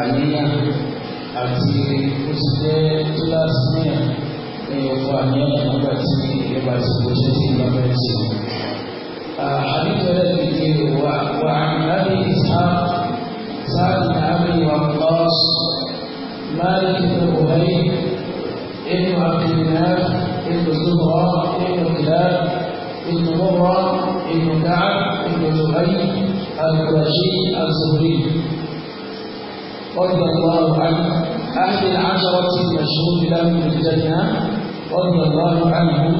àníyàn àti ó ti jẹ́ kíláàsì níyàn ní ọkọ̀ àníyàn حديث الذي وعن ابي اسحاق سعد بن عمرو وقاص مالك بن ابي ابن عبد مناف ابن زهره ابن كلاب ابن مره ابن كعب ابن زهير القرشي الزهري رضي الله عنه أحد العشرة المشهود له الجنة رضي الله عنه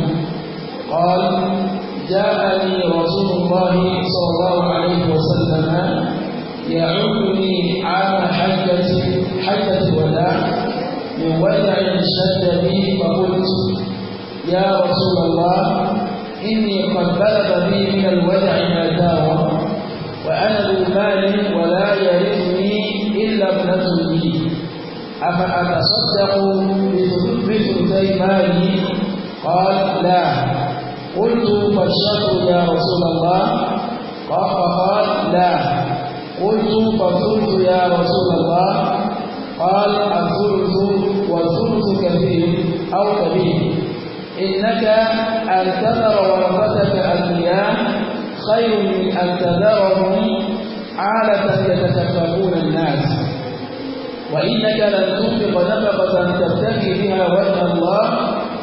قال جاءني رسول الله صلى الله عليه وسلم يعودني عام حجة حجة الوداع من ودع شد بي فقلت يا رسول الله إني قد بلغ بي من الودع ما دار وأنا ذو مال ولا يرثني لم نكن به أفأتصدق بثلثي مالي قال لا قلت فالشكر يا رسول الله فقال لا قلت فالثلث يا رسول الله قال الثلث والثلث كثير أو كبير إنك أن تذر ورثتك أغنياء خير من أن تذرهم عالة يتكففون الناس وإنك لن تنفق نفقة تبتغي بها وجه الله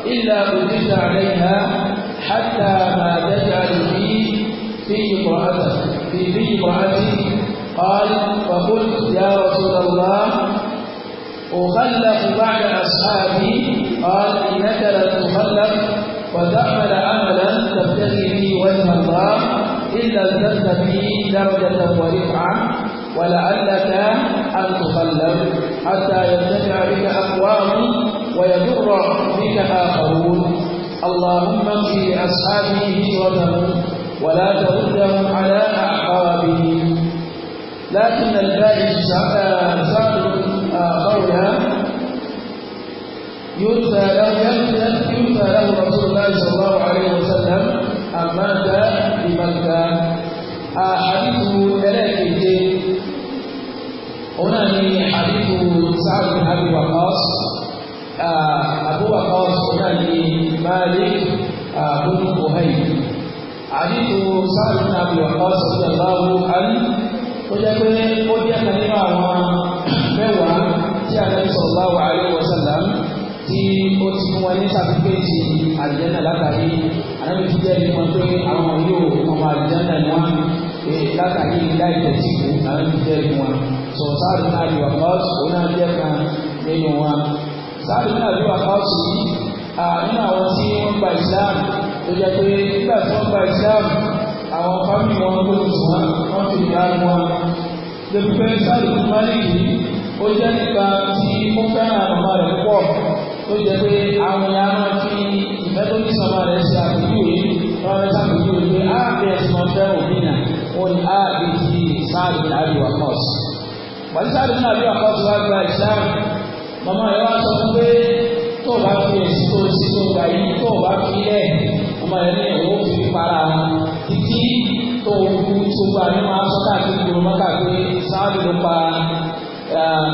إلا وجدت عليها حتى ما تجعل في في امرأتك في في امرأتي قال فقلت يا رسول الله أخلف بعد أصحابي قال إنك لن تخلف وتعمل عملا تبتغي به وجه الله إلا به درجة ورفعة ولعلك أن تسلم حتى يرتفع بك أقوام ويضر بك آخرون اللهم في لأصحابه هجرتهم ولا تردهم على أعقابهم لكن البائس سعد آه، قولها يدفع لو يمتلك tó jẹ́ pé nígbà tí wọ́n gba ìsìláàmù àwọn fámìlì wọn tó ti sùn wọn wọ́n ti yá wọn. débi pé sáàlì tó máa nìyí ó jẹ́ nípa tí ó fẹ́ràn àmọ́ rẹ̀ púpọ̀ tó jẹ́ pé àwọn ìyá máa fi ìfẹ́ tó ní sọ̀rọ̀ rẹ̀ ṣe àpèjúwe wọ́n fẹ́ sàpèjúwe pé ààbẹ̀ ah, ẹ̀sìn wọn fẹ́ òbí nà ó ní ààbẹ̀ ah, ti sáàlì àbí wàkọ́s. pàtí sáàlì náà bí wàkọ́s wá gba ìsìláàmù màmá rẹ̀ wá sọ fún pé tó o bá fi ẹ̀sìn tó o sì tó o gbà yìí tó o bá fi lẹ́ẹ̀ ọmọ rẹ ní ẹ̀wọ́ fi para títí tó kú tó gba ní máa sọ káàkiri kúrò mọ́ káàkiri sáàdù ló pa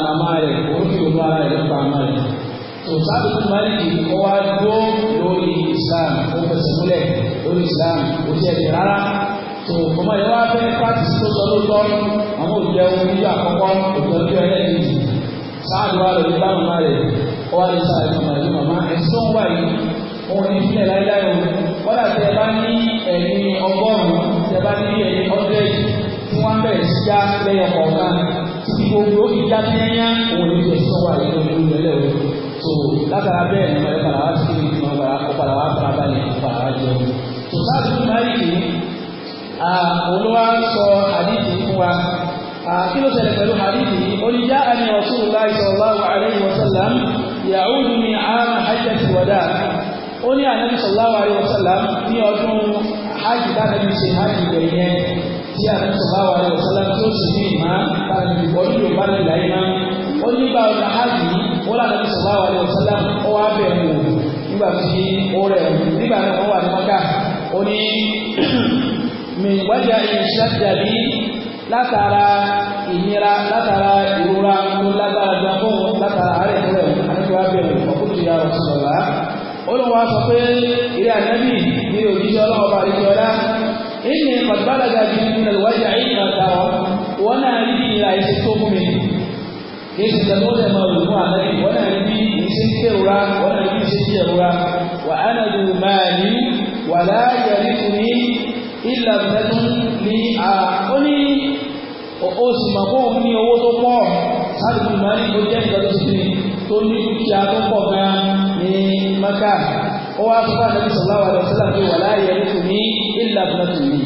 màmá rẹ̀ orí òun ara rẹ̀ pa màmá rẹ̀. tó sáàdù tó máa ń di ọwá dúró lórí Islam ó fẹsẹ̀ múlẹ̀ lórí Islam ó jẹ́ ẹ̀jẹ̀ rárá. tó ọmọ yẹn wá fẹ́ pàtìsí tó sọ lóòótọ́ àwọn òjò ẹ̀wọ̀n níjọ àkọ́kọ́ òjò ẹ̀jẹ̀ ẹlẹ́ẹ̀kejì sáàdù wà lórí bá màmá òun ní sílẹ̀ láíláí o wọ́n dà tẹ́ bá ní ẹ̀mí ọgọ́rùn-ún tẹ́ bá ní ẹ̀mí ọ́dẹ́ẹ̀dì tí wọ́n bẹ̀rẹ̀ sí já lẹ́yìn ọ̀kọ̀ọ̀kan tí gbogbo ó fi já yányá òun ní ìjẹ́ sọ́wọ́ àìlú ìlú ìlẹ̀ o so látara bẹ́ẹ̀ ni ọ̀rẹ́ padà wá sí ibi tí wọ́n padà wá fara balẹ̀ padà wá jẹun so sáàtì ó ní ànábì sallallahu alaihi wasallam ní ọdún hajj tánàbí ṣe hajj ìgbẹ̀ yẹn tí ànábì sallallahu alaihi wasallam tó sì ní ìmá tánàbí ọdún yóò bá nílẹ̀ ayé máa ó ní bá ọdún hajj ó lànàbí sallallahu alaihi wasallam ó wá bẹ̀ wò nígbà tí ó rẹ̀ nígbà náà wọ́n wà ní mọ́kà ó ní mìwájà ìṣàjàdí látara ìnira látara ìrora tó lágbára gbàgbọ́ látara àárẹ̀ tó rẹ̀ àti wá bẹ̀ wò ọkùnrin yàrá sọ̀rọ̀ olùwà sọ pé ilé ànábì ní òjíṣẹ́ ọlọ́wọ́ bá rí ọlá ìní pàtàkì àti ìpínlẹ̀ ìwájà ìgbà àtàwọn wọn náà rí bí ìlà ìṣe tó fún mi kí èsì tẹ̀lé ó lè máa wù fún ànábì wọn náà rí bí ìṣe ń kérora wọn náà rí bí ìṣe ń kérora wà á nàdù máa ní wà láàyè rí fún mi ìlà tẹ́tún ní à ó ní ó sì mà fóun ní owó tó pọ̀ sáàbì tó máa ní ojú ẹ̀ka tó sì ní tó ní dúkìá tó pọ̀ gan ní maka ó wá fún àdàbí sọláwà lọ sílá pé wà láàyè ẹni kò ní ìlà àbúrò tó ní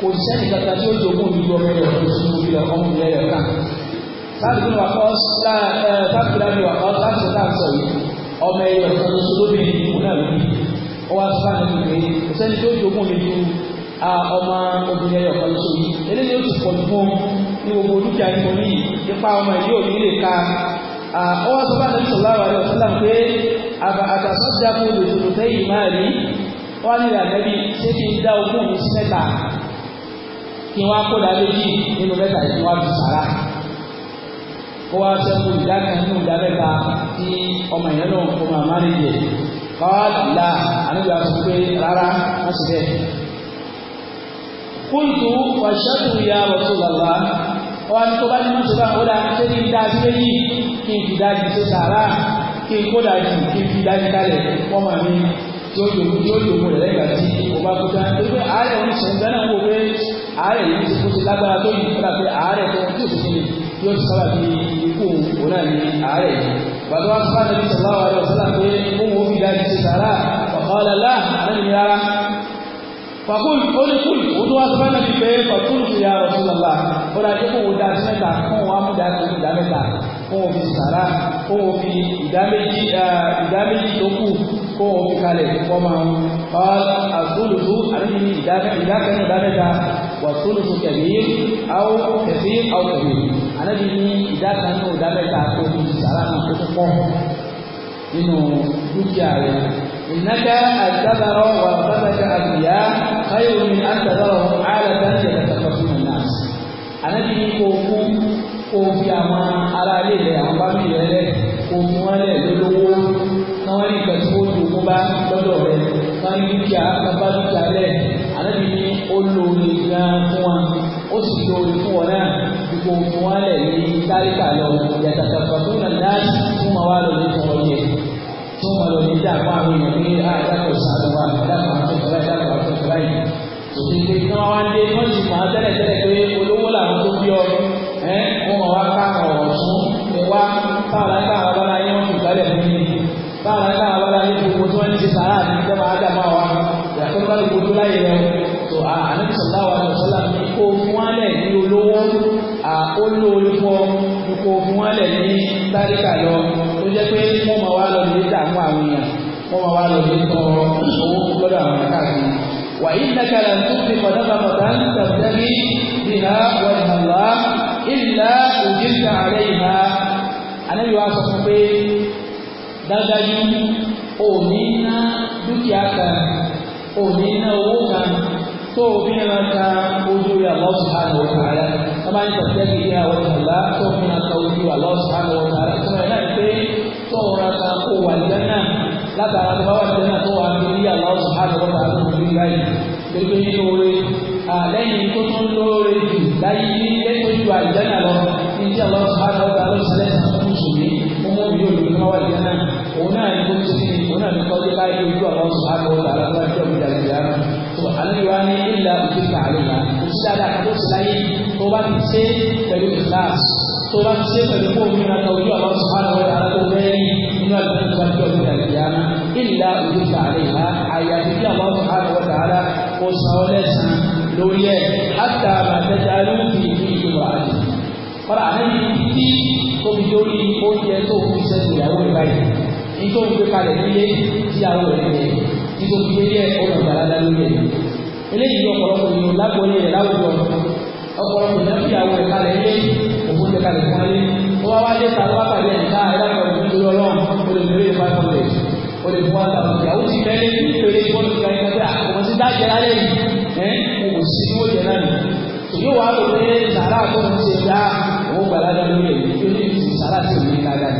kò sẹ́ni kàkà tí ó jogún ní ọmọ rẹ̀ tó sì mú ilẹ̀ ọmọ rẹ̀ rẹ̀ kà sáàbì tó wà kọ́ sáàbì tó wà kọ́ sáàbì tó tàn sọ yìí ọmọ ẹ̀yọ̀ kan tó sọlóbì ní ìlú náà lóbi ó wá fún ní gbogbo dúkìá ní orí ipa ọmọ ìlú òní lè ka ọwọ́ sọ bá nàbí sọ̀lá àwọn ọ̀sán pé àtàsọ́jà kò lè tòrò tẹ́yìn máa rí wọ́n ní ìlànàbí ṣé kí n dá ogún mi sí mẹ́ta kí wọ́n á kó dá méjì nínú mẹ́ta yìí wọ́n á fi sàrà kó wá sẹ́kù ìdá kan nínú ìdá mẹ́ta tí ọmọ ìyẹn náà kó máa má rí yẹ kọ́ọ̀dà àníbíà sọ pé rárá wọ́n sì bẹ́ẹ̀. kúntù wàṣẹ́kù ya Rasulullah wọ́n ní tó bá ní mọ́tò bá kódà ṣé kí n dá sí méjì kí n fi dájú sí sàrà kí n kódà jù kí n fi dájú kalẹ̀ wọ́n máa mi yóò yòókù yóò yòókù rẹ̀ lẹ́gbàá tí o bá kú tán pé àárẹ̀ ń sọ ìgbà náà wò pé àárẹ̀ yìí ti kó ti lágbára tó yìí kódà pé àárẹ̀ tó tí o ti yóò ti sábà fi ikú òun ní àárẹ̀ yìí. bàbá wa nàbí sọ̀rọ̀ àwọn ọ̀sán náà pé òun ò fi dájú sí sàrà ọ̀kọ́ ọ̀lá fakul ó ní kul ó tó wá sọ fẹ́ nàbí pé fakul ti ya Rasulullah ó dá jẹ́ kó wo dá sí mẹ́ta fún wa mú dá sí ìdá mẹ́ta fún òfin sàrà fún òfin ìdá méjì ìdá méjì tó kù fún òfin kalẹ̀ fún ọmọ àwọn àtúntò àti ìdá kẹrin ìdá mẹ́ta wà tónùtò kẹ̀mí àwọn kẹ̀sí àwọn kẹ̀mí ànábi ní ìdá kan ní ìdá mẹ́ta fún òfin sàrà náà tó kọ́ nínú dúkìá rẹ̀ إنك الدبر وثبت أنبياء خير من أن تذرهم عالة يتكففون الناس أنا بي كوفو كوفي أما على ليلة أما بميلة كوفو ولي لولو نوالي كتبوتو مبا بدوري نوالي كيا مبا بدوري أنا بي olóore gan fún wa ó sì lóore fún wọn náà ipò fún wa lẹ̀ ní táríkà lọ yàtàkàfà tó nà dáàsì fún wa pé wọ́n ti mọ̀ tẹ́lẹ̀ tẹ́lẹ̀ pé olówó làwọn tó bí ọ ẹ́ wọ́n wá ká ọ̀rọ̀ fún ẹ wá báwa ká àwọn bára yẹn wọ́n fi gbálẹ̀ fún mi báwa ká àwọn bára yẹn gbogbo tí wọ́n ti sàrà ní ìjọba ádámà wa yàtọ̀ bá gbogbo láyé rẹ tó àníṣọ̀lá wa lọ́sọ̀lá mi kó fún wálẹ̀ ní olówó olóore fún ọ kó fún wálẹ̀ ní tálíkà lọ tó jẹ́ pé wọ́n mọ̀ wá lọ lè dààmú àwọn èèyàn wọ́n mọ̀ wá lọ lè tọrọ owó lọ́dọ̀ àwọn وإنك لن تطلق نفقة تبتغي بها وجه الله إلا أجرت عليها Ànábì wa sọ fún pé dájúdájú òní ná dúkìá kan òní ná owó kan tó òbí náà ka ojú rẹ̀ Allah subhanahu wa ta'ala wọ́n máa ń sọ pé kí ìyá wọn ìgbà tó fi náà ka ojú Allah subhanahu wa ta'ala tó máa ń náà pé tó rà ka kó wà lẹ́nà látara tó bá wà ní ọ̀nà tó wà ní ilé aláwọ̀ sùhánù ọ̀tà tó ń rí báyìí pépé nínú oore àlẹ́yìn tó tún lóore jù láyé ní lẹ́tọ́ ju àìjẹ́nà lọ ní ilé aláwọ̀ sùhánù ọ̀tà ló ṣẹlẹ̀ sàkóso sùnmí ọmọ mi yóò lòdì máa wà ní ọ̀nà òun náà ní kókó sí ni òun náà ní kọ́jú báyìí ojú aláwọ̀ sùhánù ọ̀tà lọ́wọ́ ìjọba ìdàgbìyà tó bá ti ṣe pẹ̀lú ìlàs tó bá ti ṣe pẹ̀lú kó omi ra ojú àwọn sùpàdé wọn yàrá tó bẹ́ẹ̀rì nínú àgbẹ̀tẹ̀ tó bá ti ọdún ìdàgbé yàrá ìlà ojú tààrí ha àyàfi kí àwọn sùpàdé wọn yàrá kó san ọ lẹ́sàn lórí ẹ̀ àtà àbàtẹ́jà lóògì ìlú ìlú àti. Fọlá àlejò títí tó fi dórí oúnjẹ tó fi sẹ́sì ìyàwó rẹ̀ báyìí. Nítorí pé kalẹ̀ nílé ìyàwó rẹ̀ rẹ̀ nítorí pé yẹ ọ̀nà ìgbàlá dá lórí ẹ̀. Eléyìí ọ̀pọ̀lọpọ̀ ìlú lágbóyè rẹ̀ láwùjọ ọ̀pọ̀lọpọ̀ náà fi àwọn ẹ̀ka rẹ̀ lé òun ẹ̀ka rẹ̀ fún alẹ́ ó wá wáyé ta wá pàdé ẹ̀ka ẹ̀dàkọ̀ ìlú ọlọ́run ó lè lórí five hundred ó lè fún àtàwọn ìyàwó ti fẹ́lẹ́ ní ìpele ìbọn ìgbà yìí kọjá àwọn ti dá jẹ lálẹ́ yìí ẹ̀ kò sí ní ó jẹ náà nù yóò wá lò pé sàrà tó ń ṣe dá òun gbàlájà lórí ẹ̀ yóò ní ìsìn sàrà tí ní ká dá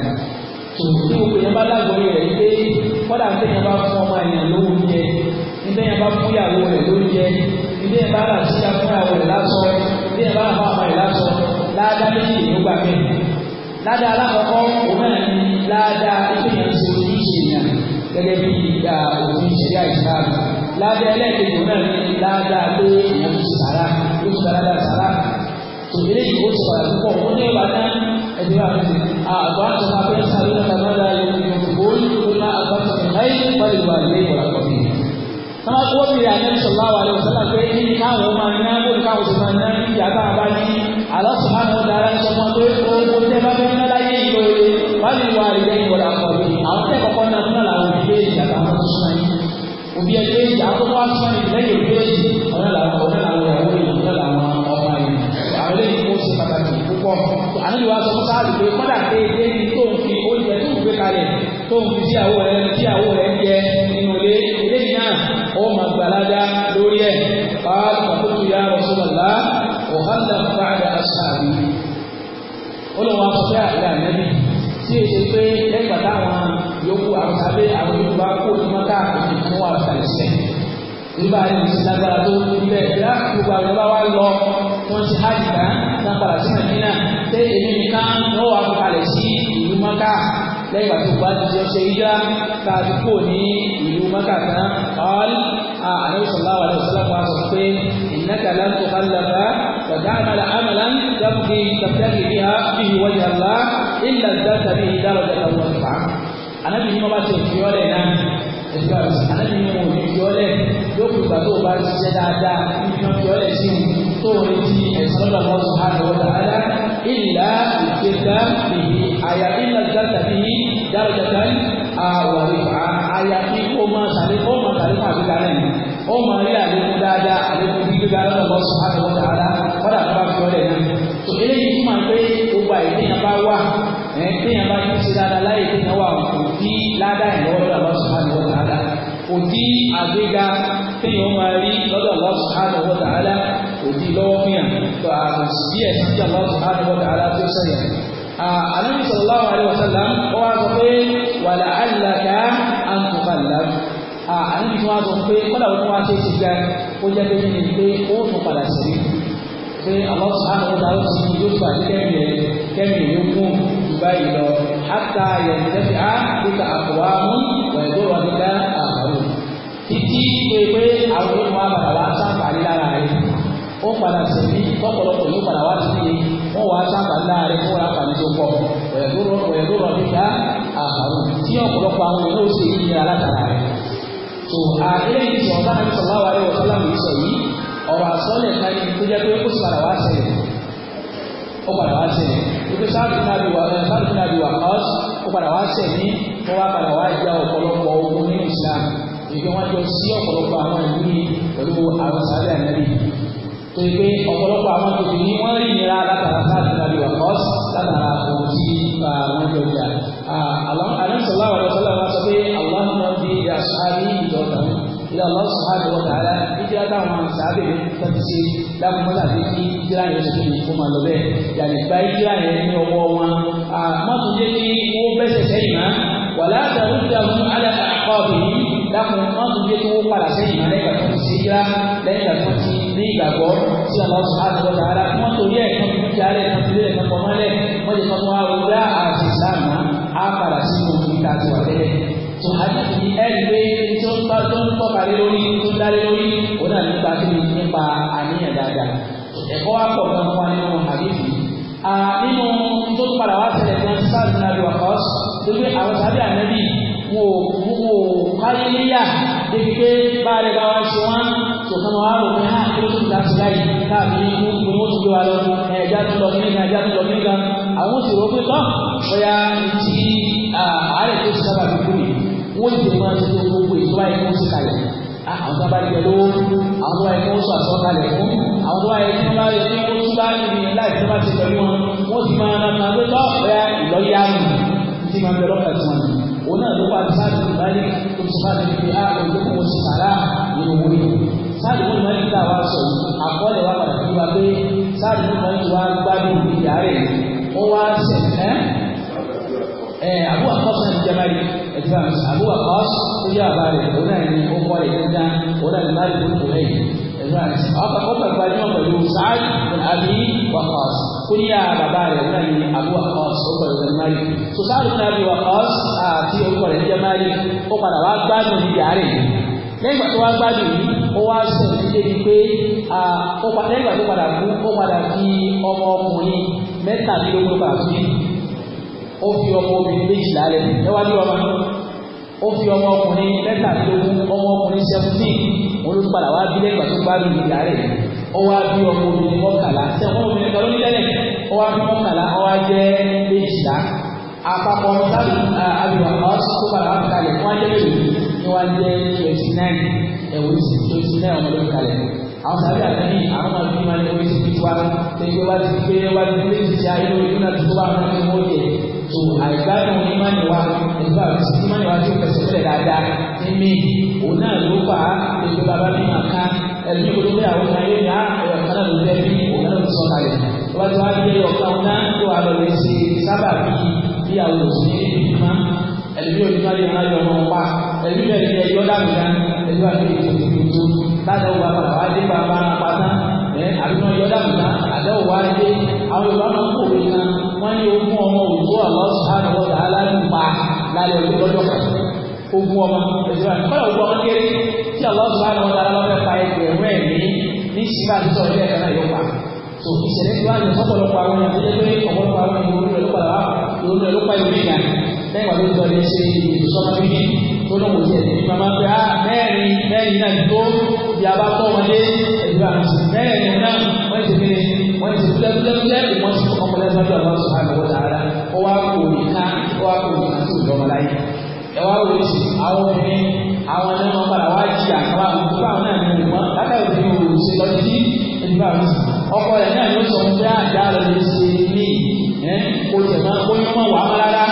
nù tòun tí yẹn bá lágbóyè lórí jẹ ń tẹ̀yìn bá rà sí ìyàwó ládàá alákọ̀ọ́kọ́ òun náà ni ládàá ìpènyàn sí oníṣe yẹn gẹ́gẹ́ bí òfin ìṣẹ̀lẹ̀ àìsàn ládàá ẹlẹ́ẹ̀kejì òun náà ni ládàá pé èèyàn tó sàrà tó sàrà dà sàrà tó ilé ìwò ti padà púpọ̀ ó ní ìwà náà ẹ̀dùn àti àgbà tó máa fẹ́ sáré náà tàbí ọ̀dà ìròyìn òkú ó ní àgbà tó fi láyé pẹ̀lú ìwà ilé ìwà kọ̀ọ̀kì. Tọ́lá tó wọ́n pé kí ni káwọn máa ná lórí káwọn sì máa ní ìyá tá a bá ní àlọ́ àwọn ọ̀dà ara ń sọ fún ọ pé tẹ́ bá fẹ́ lè wá rí lẹ́yìn wọ́n làwọn ọ̀rọ̀ yìí àwọn tẹ́ kọ́kọ́ náà fúnra làwọn òbí èjì àtàwọn tó súnmọ́ yìí òbí ẹgbẹ́ èjì àwọn tó wá súnmọ́ yìí lẹ́yìn òbí èjì ọ̀nà làwọn ọ̀nà làwọn ìyàwó yìí ọ̀nà làwọn ọmọ yìí àwọn eléyìí kó ṣe pàtàkì púpọ̀ àníbi wá sọ fún sáà lùpẹ́ kọ́dà pé ebi tó ń fi oúnjẹ tó ń gbé kalẹ̀ tó ń fi sí àwọ̀ rẹ̀ sí àwọ̀ rẹ̀ ń jẹ nínú ilé eléyìí náà ó máa gbàládá lórí ẹ̀ pàápàá tó tu yá Rasulullah ọ̀hánlá fàdà aṣáájú. ó lọ́wọ́ afọ́fẹ́ àgbà nẹ́bí tí èsì pé lẹ́gbàá táwọn yòókù àwọn sábẹ́ àwọn yòókù bá kó ní mọ́tà àti fún àwọn sàlẹ̀sẹ̀ nígbà yẹn ti lágbára tó níbẹ̀ ìlà gbogbo àwọn bá wá lọ wọ́n ti há ìgbà lápàdà sí nàìjíríà tẹ́ èmi nìkan wọ́n wà kalẹ̀ sí ìlú mọ́tà lẹ́gbàá tó bá ti ṣe ìjà ká ti kó ní ìlú mọ́tà tán ọ́l àlẹ́sọ̀lá wà lẹ́sọ̀lá wà sọ pé ìnákàlá tó kálẹ̀ bá wà dáhàmàlà àmàlà dábùkì tàbí ilà dáta bí ìdára dáta wọ́n fà á anábì ní wọ́n bá ti fi ọ́ lẹ̀ náà ẹ̀fọ́ anábì ní wọ́n fi ọ́ lẹ̀ yóò fi gbà tó o bá ti ṣe dáadáa níbi wọ́n fi ọ́ lẹ̀ sí tó o ti ẹ̀sìn lọ́dọ̀ wọ́n sùn á lọ́wọ́ dáadáa ilà ìgbésà bìbí àyà ilà dáta bí ìdára dáta àwọ̀ ìfà àyà kí ó máa sàlékún ó máa sàlékún àbíkà náà ó máa rí àlékún dáadáa àlékún gbígbéga lọ́dọ̀ wọ́n sùn á lọ́wọ́ dáadáa kọ́dà tó bá fi ọ́ lẹ̀ náà tò eléyìí fún wa ẹ̀ téèyàn bá tún ṣe dáadáa láyé téèyàn wà òdì ládàá ẹ̀ lọ́wọ́ lọ́dọ̀ Allah subhanahu wa ta'ala òdì àgbéga téèyàn máa rí lọ́dọ̀ Allah subhanahu wa ta'ala òdì lọ́wọ́ fún yàn tó àbùsí ẹ̀ sí Allah subhanahu wa ta'ala tó sẹ̀yà. Ànábì sallallahu alaihi wasallam ó wá sọ pé wala'allaka an tuqallab àníbi tí wọ́n á sọ pé kọ́dà wọn wá ṣe pé nínú báyìí lọ hátà yẹ̀dẹ́sì á kíkà àkùwá mú pẹ̀lú ọ̀dídá àbárò títí pé pé àwọn ìwà padà wá sáǹfààní lára rẹ̀ ó padà sí ní lọ́pọ̀lọpọ̀ yóò padà wá sí ní wọ́n wá sáǹfààní lára rẹ̀ fún àǹfààní tó pọ̀ pẹ̀lú ọ̀dídá àbárò tí ọ̀pọ̀lọpọ̀ àwọn èèyàn ó sì yí ara látara rẹ̀ tó àdéhùn ìṣọ̀tàn àti sọ̀lá wa rẹ̀ wọ̀ sọ́lá mi sọ yìí ọ̀rọ̀ àsọ́lẹ̀ kan ní tó jẹ́ pé ó sì padà wá sẹ́yìn ó padà wá ṣẹ̀ wípé sáàtì náà bí wà sáàtì náà bí wà kọ́s ó padà wá ṣẹ̀ ní wọ́n eh, wá padà wá ja ọ̀pọ̀lọpọ̀ ogun nínú Islam ìgbé wọn jọ sí ọ̀pọ̀lọpọ̀ àwọn ìlú ní pẹ̀lú àwọn sáré ànábì tó yẹ pé ọ̀pọ̀lọpọ̀ àwọn tòbí ní wọ́n rí ìnira látara sáàtì náà bí wà kọ́s látara ohun tí wọ́n jọ jà alẹ́sọ̀lá wà lọ́sọ̀lá sọ pé aláwọ̀ náà bí ìdá sáré ìdọ̀tàn ìdá táwọn sàábẹ̀ tó ti ṣe dákun mọ́tà fi kí jíra yẹn ṣe kí kó máa lọ bẹ́ẹ̀ yàrá ìgbà jíra yẹn ní ọwọ́ wọn mọ́tò jẹ́ kí wọ́n bẹ́sẹ̀ sẹ́yìn má wàlá àtàwọn ìdààmú àdàkà àkọ́ọ̀bì dákun mọ́tò jẹ́ kí wọ́n padà sẹ́yìn ní ìgbàgbọ́ sí ọlọ́sùn àti ọjà tó hadithi ẹgbẹ́ tó ń tó ń tọ́ka lórí tó ń darí lórí nípa kíni nípa àníyàn dáadáa ẹ̀kọ́ wa pọ̀ gan fún wa nínú àdéhùn nínú tó padà wá ṣẹlẹ̀ gan sáà nínú àdéhùn àkọ́s lórí àwọn sábẹ́ ànábì wò wò káyé níyà débi pé báyìí bá wá ṣe wọ́n sọ̀kan wá rò pé hàn ah, kí ló tún dá sí láyìí káàbí mú gbogbo tó gbé wa lọ ẹ̀ẹ́dá tó lọ nígbà ẹ̀ẹ́dá tó lọ nígbà àwọn sì rò pé tán bóyá ti àárẹ̀ tó ti sábà fi kú mi wọ́n ti máa àwọn tó bá jẹ lówó àwọn tó bá yẹ kí wọ́n sọ àsọkalẹ̀ fún àwọn tó bá yẹ kí wọ́n bá yẹ kí wọ́n tún bá níbi láì tó bá ti pẹ̀lú wọn wọ́n ti máa ra máa lọ́tọ́ ọ̀rẹ́ ìlọ́yà nù tí máa bẹ̀rẹ̀ ọ̀kà tiwọn nù. òun náà ló wà ní sáàdì ìbálẹ̀ tó ti sáàdì ìbí a òjò kò sí sàrà ní owó yìí. sáàdì wọn máa ń gbà wá sọ àkọọ́lẹ̀ wa padà wá pé sáàdì wọn ẹ̀dùbà àbúwà ọ́s tó jẹ́ àbá rẹ̀ òun náà ní ó kọ́ ẹ̀yẹ́ dá òun náà ní láti fún ìlú lẹ́yìn ẹ̀dùbà ọkọ̀ ọkọ̀ gbajúmọ̀ pẹ̀lú sáàd àbí wàkọ́s kó ní yà bàbá rẹ̀ òun náà ní àbúwà ọ́s ó pẹ̀lú ẹ̀dùbà mari tó sáàd fún àbí wàkọ́s àti orúkọ rẹ̀ jẹ́ mari ó padà wá gbádùn ní yàrá lẹ́yìn tó wá gbádùn yìí ó wá sùn débi pé lẹ́yìn tó padà kú ó padà fi ọmọ ọkùnrin mẹ́tàdínlógún padà fi ó fi ọmọ obìnrin méjì lálẹ́ níwájú ọmọ ó fi ọmọ ọkùnrin mẹ́tàdínlógún ọmọ ọkùnrin seventeen olùpadà wá bí lẹ́gbàá tó gbádùn ìyá rẹ̀ ó wá bí ọmọ obìnrin mọ́kànlá sẹ́wọ́n obìnrin kan lórí tẹ́lẹ̀ ó wá bí mọ́kànlá ó wá jẹ́ méjìlá àpapọ̀ sábì àbíwá ọ̀sùn tó padà wá kalẹ̀ wọ́n jẹ́ méjì ni wọ́n jẹ́ twenty nine ẹ̀wọ̀n twenty nine ọmọdé kalẹ̀ àwọn sábì àtẹ̀yìn àwọn máa bí wọn ní orí ti fi wá tẹ̀gbẹ́ wá ti gbé wá ti gbé ti ṣe ayélujára tó bá wọn ní wọ́n yẹ so àìgbádùn ìmánìwá nígbà ìmánìwá tí ó fẹsẹ̀ fẹ́ dáadáa ní méjì òun náà ló fà á ètò bàbá mi máa ká ẹ̀mí kò tó bẹ́ẹ̀ àwọn ọmọ ayé ní ààrẹ ọ̀kan náà ló bẹ́ẹ̀ bí òun náà ló sọ kalẹ̀ tó bá ti wá gbé ọ̀kan náà tó wà lọ lè ṣe sábà bí bí àwọn òṣèré ìgbìmọ̀ ẹ̀mí òní máa yọ máa yọ ọmọ pa ẹ̀mí bẹ́ẹ̀ ni ẹjọ́ dàgbà ẹ̀mí wà ní ètò ìdìbò láti ọgbà padà wá dé bàbá pátá ẹ̀ àbí wọn yọ dàgbà àdéhùn wá dé àwọn Yorùbá máa ń kó òwe kan wọ́n ní ogún ọ lálẹ́ ọdún lọ́jọ́ kan ogun ọmọ ẹ̀sìn àti kọ́lá ogun ọmọ kéré tí Allah subhanahu wa ta'ala lọ́fẹ́ pa ẹgbẹ̀rún ẹ̀mí ní ṣíkà àti sọ̀rọ̀ ilé ẹ̀ka náà yóò pa so ìṣẹ̀lẹ̀ tí wọ́n á yẹ sọ́pọ̀lọpọ̀ àwọn ènìyàn tó jẹ́ pé ọ̀pọ̀lọpọ̀ àwọn ènìyàn olú rẹ̀ ló padà wá olú rẹ̀ ló pa ìwé ìgbà lẹ́yìn wàlú ìjọ lè ṣe ìṣọ́nà bíbí tó lóun ti ẹ̀dẹ̀ nípa máa ń pẹ́ á ah, mẹ́rin mẹ́rin náà tó bí a bá tọ́ wọlé ẹ̀dùn àti mẹ́rin náà wọ́n ti fi wọ́n ti fi lẹ́dúlẹ́dúlẹ́ ìmọ̀sí ọmọlẹ́sàdúrà lọ́sùn àgbẹ̀wọ̀ dáadáa ó wá kò ní ká ó wá kò ní ọmọláyé ẹ wá wò ó sì àwọn obìnrin àwọn ẹni wọn padà wá jí àkàrà àgùntàn báwọn náà ní ìwọ̀n látàrí òbí òwò ṣe lọ sí ìdíbà mi ọkọ rẹ náà ló sọ pé àdá ah, rẹ lè ṣe mí ẹ kó tẹ̀ máa kó yín mọ̀ wà á rárá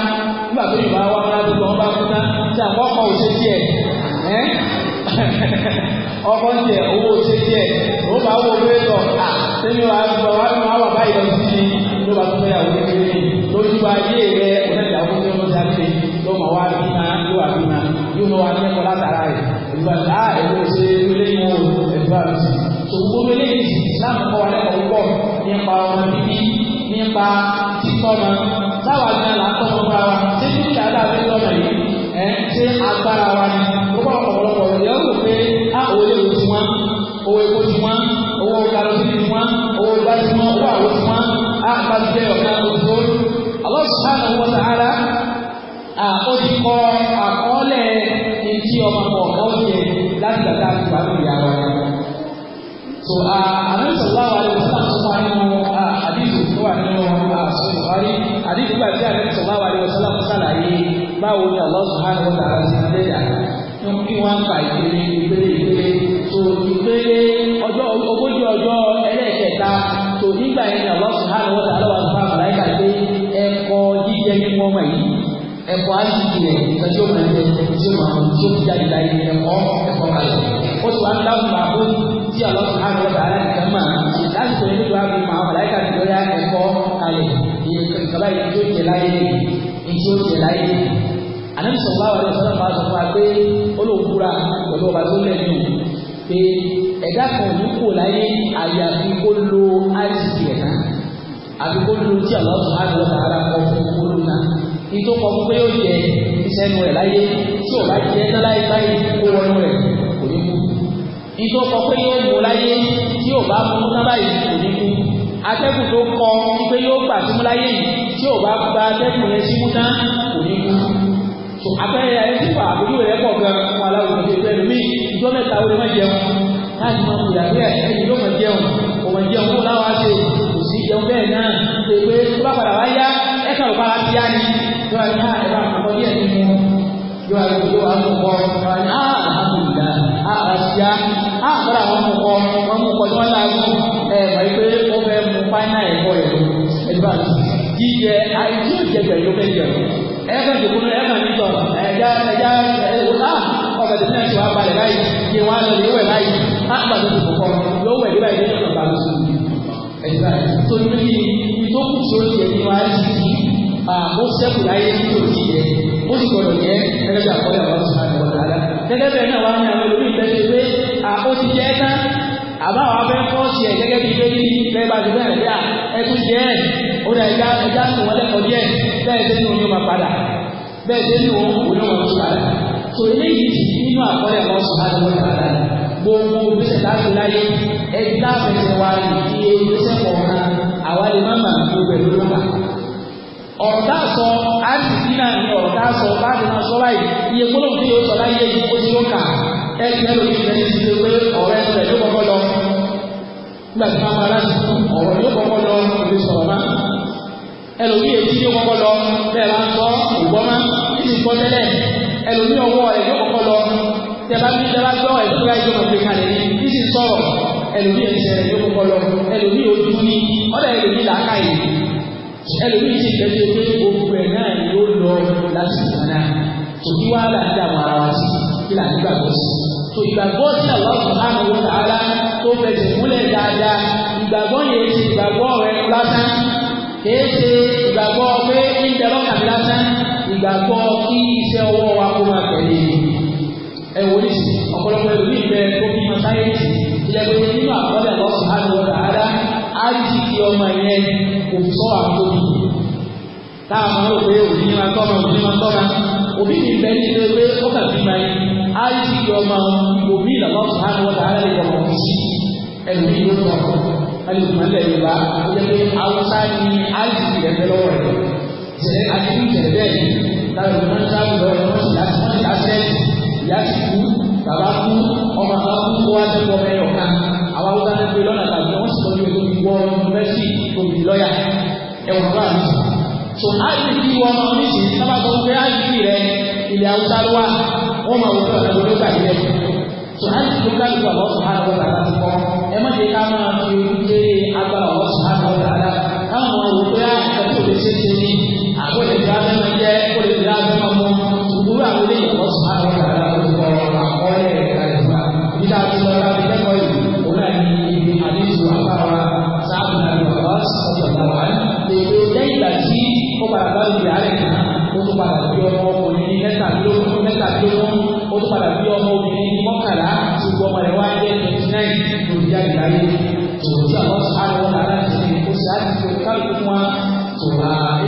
nígbà tó yìnbọn wà á rárá tó gbọ́n bá kú ná tí àkọ́kọ́ ò ṣe tiẹ̀ ẹ ọkọ tiẹ̀ owó ò ṣe tiẹ̀ ó bá wọ owó lọ à sẹ́yìn wà á gbọ́ wà á wà báyìí lọ sí i ló bá tó fẹ́ yàwó kékeré lójú ayé rẹ ọ̀nà ìyàwó tó ń lọ sí àti yóò máa wá bí ma yóò wá bí ma yóò máa wá kẹ́kọ̀ọ́ látara rẹ̀ ẹ̀dùbà á ẹ̀dùn ṣe ilé yìí wò ẹ̀dùbà rẹ̀ sí. tó gbogbo eléyìí láàmú kọ́ wa lẹ́kọ̀ọ́ pọ̀ nípa ọmọ bíbí nípa títọ́ ma láwa ní àlàkọ́ ọmọ wa ṣé kí ìjà dà bí lọ́nà yìí ẹ̀ ṣé agbára wa ni gbogbo ọ̀pọ̀lọpọ̀ yẹn rò pé á òwe lè ti wọn owó epo ti wọn owó karosí ti wọn owó ìgbà ti wọn owó àwọn ti wọn á gbàgbé ọ̀gá òṣèlú Allah subhanahu wa ta'ala ó ti kọ àkọọ́lẹ̀ etí ọmọ kọ̀ọ̀kan jẹ láti gbàgbà àti bàbá ìyá wa. so àmì sọ̀rọ̀ àwọn àlejò sáà tó wà nínú àdìsù tó wà nínú àṣọ ìwárí àdìsù gbà tí àmì sọ̀rọ̀ àwọn àlejò sáà tó sàlàyé báwo ni Allah subhanahu wa ta'ala ti lé dà kí wọ́n fà ìpele ìpele ìpele so ìpele ọjọ́ ogójì ọjọ́ ẹlẹ́ẹ̀kẹta so nígbà yẹn ni Allah subhanahu wa ta'ala wà fún àmàlà ẹ̀ka pé ẹ̀kọ́ jíjẹ mímọ́ ọmọ yìí ẹ̀kọ́ àṣìkì rẹ̀ nǹkan tí ó máa ń jẹ tí ó máa ń tí ó ti jáde láyé ẹ̀kọ́ ẹ̀kọ́ kalẹ̀. ó sì wá ń dáhùn máa bó tí ọlọ́sùn á lọ bàárà nìkan mà lásìkò yìí nígbà mi máa màláìka ti lọ́yà ẹ̀kọ́ kalẹ̀ ìkàbá yìí tí ó jẹ láyé tí ó jẹ láyé. ànábì sọ̀rọ̀ àwọn ọ̀rẹ́ sọ́dọ̀ máa sọ fún wa pé olóòkúra pẹ̀lú ọba tó lẹ̀ nù pé ẹ̀dá kan ní kò láyé àyàfi kó lo àìsí ẹ̀dá àbí kó lo tí ọlọ́sùn á lọ bàárà kọ́ fún kó lónà ní tó kọ fún pé yóò jẹ ìṣẹ́nu rẹ̀ láyé tí ò bá jẹ́ tán láyé báyìí kó wọnú rẹ̀ kò ní kú ní tó kọ pé yóò mú láyé tí ò bá mú tán báyìí kò ní kú atẹ́kùn tó kọ pé yóò gbà símú láyé tí ò bá gba atẹ́kùn rẹ̀ símú tán kò ní kú so abẹ́rẹ́ ayé ti fà ojú rẹ̀ pọ̀ gan wọn aláwọ̀ ìdílé pẹ̀lú mí ìjọ mẹ́ta ó lè má jẹun láti máa mú ìyàgbé ẹ̀ ẹ̀yìn ló mọ̀ jẹun òmò jẹun kó láwa ṣe kò sí yóò ayé ha ẹ̀rọ àkọ́kọ́ díẹ̀ nínú yóò ayé kò yóò ayé kọ̀ ọ̀rọ̀ ni a àbùdá a àṣìá a àbúrò àwọn kọ̀kọ́ wọn mú kọ́ tí wọ́n láàgùn ẹ̀ mọ̀ pé ó fẹ́ mú fáínà ẹ̀kọ́ ẹ̀rọ ẹ̀dùbà jíjẹ àìsí ìjẹjẹ yóò fẹ́ jẹ ẹ̀ẹ́kan tó kúnú ẹ̀ẹ́kan nítọ̀ ẹ̀já ẹ̀já ẹ̀wòlá ọ̀gá tó fẹ́ẹ́ tó wá balẹ̀ láyé kí wọ́n á lọ lè wẹ̀ láyé á gbàdúrà tó kọ̀ yóò wẹ̀ nígbà yìí lẹ́yìn ọ̀gá lóṣù ẹ̀dùbà tó ní ìtókùn sórí ẹ̀yìn ó ah, sẹ́kù láyé tí kò sí yẹ ó sì gbọdọ̀ jẹ́ gẹ́gẹ́ bí àkọlé àwọn ọ̀sán àti ọ̀dà àdá gẹ́gẹ́ bẹ́ẹ̀ náà wà ní àwọn olórí ìtẹ́sí pé ó ti jẹ́ tán àbáwọn abẹ́ fọ́ọ̀sì ẹ̀ gẹ́gẹ́ bí pé ní bẹ́ẹ̀ bá ti bẹ́ẹ̀ rẹ̀ ẹkú jẹ́ ó dà ẹja ẹja sùn wọlé kọ díẹ̀ bẹ́ẹ̀ tẹ́ ní oyún máa padà bẹ́ẹ̀ tẹ́ ní oyún máa padà tó eléyìí nínú àkọlé àwọn ọ̀sán àti ọ̀dà àdá gbogbo gbèsè láti láyé ẹja fẹsẹ̀ wá rìn tá a sọ àtìsí náà ní ọ̀rọ̀ tá a sọ bá a sọ báyìí iye gbólóhùn tí yóò sọ láyé yìí ó ti yóò kà ẹ ti ẹrù ìfẹ́ ti ṣe pé ọ̀rẹ́ rẹ̀ ló kọ́kọ́ lọ nígbà tí wọ́n máa láti fún ọ̀rọ̀ yóò kọ́kọ́ lọ ìlú sọ̀rọ̀ náà ẹlòmí etí yóò kọ́kọ́ lọ bẹ́ẹ̀ bá ń sọ ìgbọ́mọ́ títí gbọ́ tẹ́lẹ̀ ẹlòmí ọwọ́ ẹ̀ yóò kọ́kọ́ lọ tẹ́lá bí tẹ́lá gbọ́ ẹlòmíì sì fẹ́ ṣe pé gbogbo ẹ̀ náà ló lọ láti ìgbà náà tòbí wàá là ń dààmú ara wa sí kí là ń gbàgbọ́ sí. tó ìgbàgbọ́ sí àwọn subhanahu wa ta'ala tó fẹsẹ̀ múlẹ̀ dáadáa ìgbàgbọ́ yẹn ti ìgbàgbọ́ rẹ lásán kìí ṣe ìgbàgbọ́ pé ń dẹrọ́ kàbí lásán ìgbàgbọ́ kí iṣẹ́ ọwọ́ wa kó máa pẹ̀lú ẹ wò ní sí ọ̀pọ̀lọpọ̀ ẹlòmíì bẹ tó fi hàn sáyẹ́ǹsì ilẹ̀ gbogbo nínú ọmọ yẹn kò sọ àtòbí táwọn ọmọ rò pé òbí máa tọ́ra òbí máa tọ́ra òbí mi bẹ́ẹ̀ ní ilé pé ó kàbí máa yẹ áìsí ọmọ òbí ìlànà ọ̀sán àwọn ọ̀dà àárẹ̀ ìwọ̀n kò sí ẹnu yìí ló ń bọ̀ alùpùpù yorùbá ó yẹ pé haúsá ni áìsí ẹ̀fẹ́ lọ́wọ́ rẹ̀ ìṣẹ̀lẹ̀ àdéhùn ìṣẹ̀lẹ̀ bẹ́ẹ̀ táwọn ọmọ ń sáà lọ ọmọ ìyá ti wọ́n ti àṣẹ ìyá ti kú bàbá kú ọmọ àbá kú kó wá sí ọmọ ẹ̀yọ̀ kan àwọn haúsá ń pè lọ́nà tàbí ìwọ yunifásitì tó di lọ́yà ẹ̀wọ̀n bá mi. so áìdìkì wọn máa ń sìn sábà tó ń fẹ́ rẹ ilẹ̀ haúsá ló wà wọ́n máa wọ́n fẹ́ ọ̀dọ́ ló gbà yẹ. so áìdìkì tó ká lùkọ̀ lọ́sùn á lọ́wọ́ tààlà ti kọ́ ẹ má jẹ́ ká máa fi ojú kéré agbára lọ́sùn á lọ́wọ́ tààlà káwọn ọ̀rọ̀ pé àkàtúntò ah, lè ṣe é ṣe ní ayé tòun tí àwọn sáré wọn lára ti fi kó sáà ti kálukú wọn tòun á